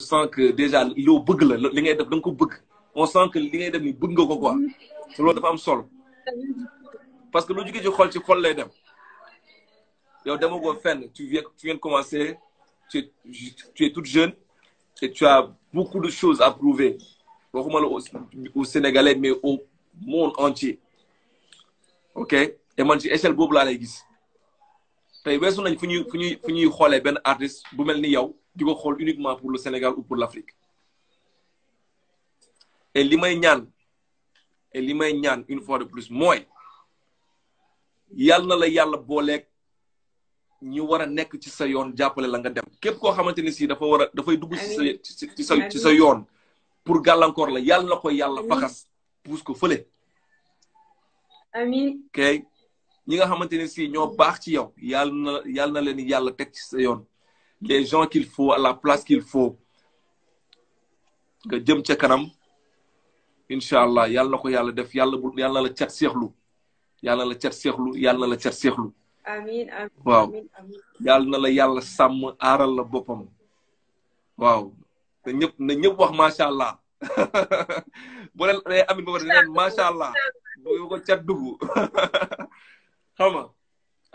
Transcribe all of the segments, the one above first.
sent que déjà il est la li ngay def da nga ko on sent que li ngay def ni quoi. nga ko quoi te loolu dafa am parce que lu jógee ci xol ci xol lay dem yow dama ko fenn tu viens tu viens de commencer tu es tu es toute jeune et tu as beaucoup de choses à prouver waxuma au Sénégalais mais au monde entier ok Et moi je échelle boobu laa lay gis tey weesu nañ fu ñuy fu ñuy fu ñuy xoolee benn artiste bu mel ni yow di ko xool uniquement pour le Sénégal ou pour l'Afrique et li may ñaan et li may ñaan une fois de plus mooy yàlla na la yàlla booleeg ñu war a nekk ci sa yoon jàppale la nga dem képp koo xamante ni si dafa war a dafay dugg ci sa yoon pour gàllankoor la yàlla na ko yàlla faxas puus ko fële amiin ñi nga xamante ni si ñoo baax ci yow yàlla na yàlla na leen yàlla teg ci sa yoon les gens qu'il faut à la place qu'il faut Que Dieu me kanam Inch'Allah. Yalla ko Yalla def Yalla Il y la le seexlu Yalla la Yalla la Amin, amin, wow. Il y na la Yalla sam y la le Wow. ne ne allah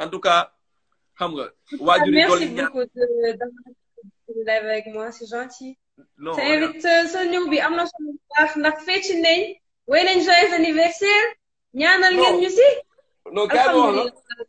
en tout cas xam nga. waajur yi dolli ñaar merci beaucoup de de avec moi c'est gentil. non euh, sa invité sa amna bi am na solo bu baax ndax fecc nañ. wey nañ joyeux anniversaire. ñaanal ngeen ñu si. non kaay ma wax